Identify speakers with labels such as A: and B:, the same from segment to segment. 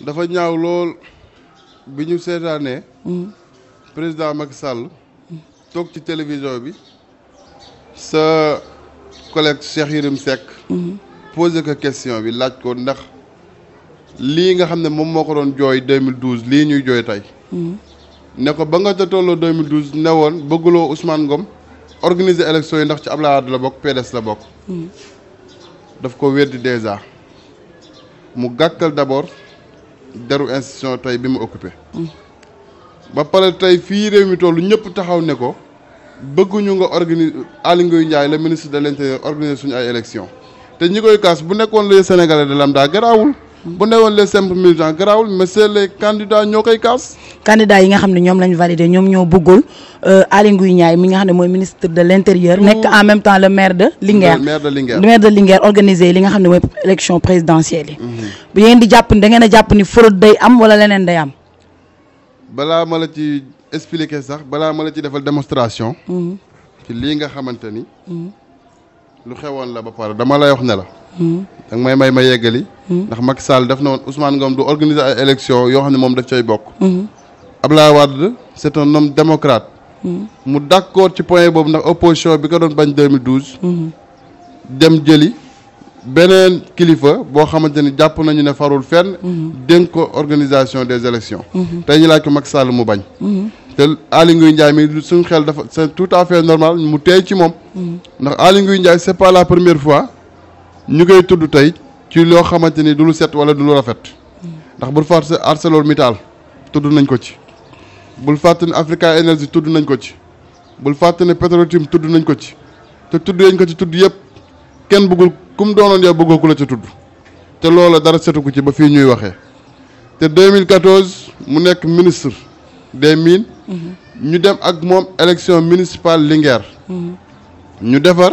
A: dafa ñaaw lool bi ñu seetaanee. Mm. président Macky sàll toog ci télévision bi. sa collègue Cheikh Yérim Seck. Mm-hmm. posé ko question bi laaj ko ndax lii nga xam ne moom moo ko doon jooy 2012 lii ñuy jooy tey. Mm-hmm. ne ko ba nga ca tolloo 2012 ne woon bëgguloo Ousmane Ngom organiser élection yi ndax ci Abdoulaye Wade la bokk PDS la bokk. Mm-hmm. daf ko weddi déjà mu gàkkal d'abord. deru institution tey bi mu occupé ba pare tey fii réew mi tollu ñëpp taxaw ne ko bëgguñu nga organise Aly Ngouille Ndiaye le ministre de l'intérieur organiser suñu ay élection te ñi koy kaas bu nekkoon les sénégalais de daa garaawul bu newoon le simples militants garaawul mais c'est les candidats ñoo koy kaas. candidats yi nga xam ne ñoom lañ validé ñoom ñoo bëggul euh, Aly mi nga ministre de l'intérieur. nek mm. en même temps le maire de le maire de le maire de Linguère organisé li nga xam ne élection présidentielle mm-hmm. bu ngeen di jàpp da ngeen a ni day am wala lenen day am. balaa ma la ci expliquer sax balaa ma la ci defal démonstration. Mm-hmm. ci lii nga xamante ni. Mm-hmm. lu xewoon la ba pare dama lay wax la danga may may ma yeggali. ndax Macky Sall def na woon Ousmane Ngom du organiser ay élection yoo xam ne moom daf cay Abdoulaye Wade c'est un homme démocrate. mu d'accord. ci point bobu ndax opposition bi ko doon bañ 2012. dem jëli Benen kilifa Bo xamanteni ni nañu ne farul fenn. dénk ko organisation des élections. tay ñu laaj ko Macky Sall mu bañ. te Aly Ngouille Ndiaye mi suñu xel dafa tout à fait normal mu teey ci mom ndax Aly Ngouille Ndiaye c'est pas la première fois. ñu ngay tudd tey ci lo xamanteni du lu set wala du lu rafet ndax bul arcelor ArcelorMittal tudd nañ ko ci bu Africa Energy tudd nañ ko ci bu fàtte ne Petrotim tudd nañ ko ci te tudd yañ ko ci tudd yëpp ken bëggul kum doonon doonoon yow ko la ci tudd te loola dara setu ci ba fi ñuy waxe te 2014 mu nek ministre des mines mm-hmm. ñu dem ak mom élection municipale Linguère mm-hmm. ñu defar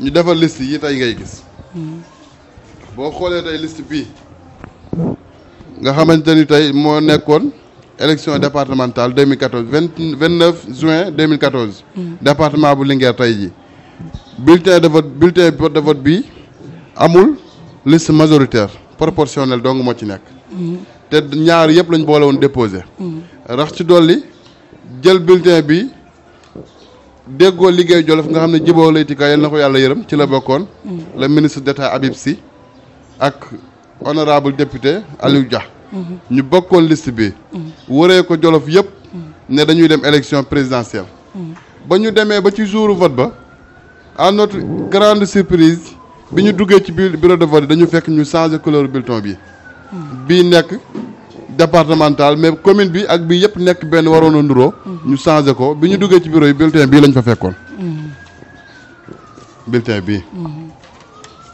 A: ñu defal liste yi tey ngay gis hmm. boo xoolee tey liste bii nga xamante ni tey moo nekkoon élection départementale 2014 29 juin 2014. Hmm. département bu Linguère tey ji bulletin de vote bulletin de vote bi amul liste majoritaire proportionnelle dong moo ci nekk. Hmm. te ñaar yëpp lañ boole woon déposé. rax ci dolli jël bulletin bi. déggoo liggéey jolof nga xam ne jiboo laytika yal na ko yàlla yërëm ci la bokkoon mm. le ministre d'état Habib si ak honorable deputé Aliou Dia mm-hmm. ñu bokkoon list bi mm-hmm. wëree ko jolof yëpp mm-hmm. ne dañuy dem élection présidentielle ba ñu demee ba ci jouru vote ba à notre grande surprise bi ñu duggee ci biir bureau de vote dañu fekk ñu changé couleur bulletin bi mm. bii nekk départemental mais commune bi ak bi yëpp nekk benn waroon a nuroo ñu changé ko bi ñu duggee ci bureau yi bulletin bii lañ fa fekkoon bulletin bii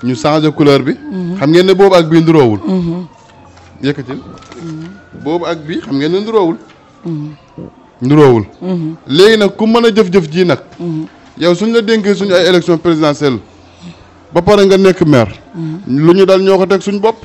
A: ñu changé couleur bi xam ngeen ne boobu ak bii nuroowul yëkkatil boobu ak léegi nag ku mën a jëf-jëf jii nag yow suñ la dénkee suñu ay élection présidentielle ba pare nga nekk maire lu ñu dal ñoo ko teg suñ bopp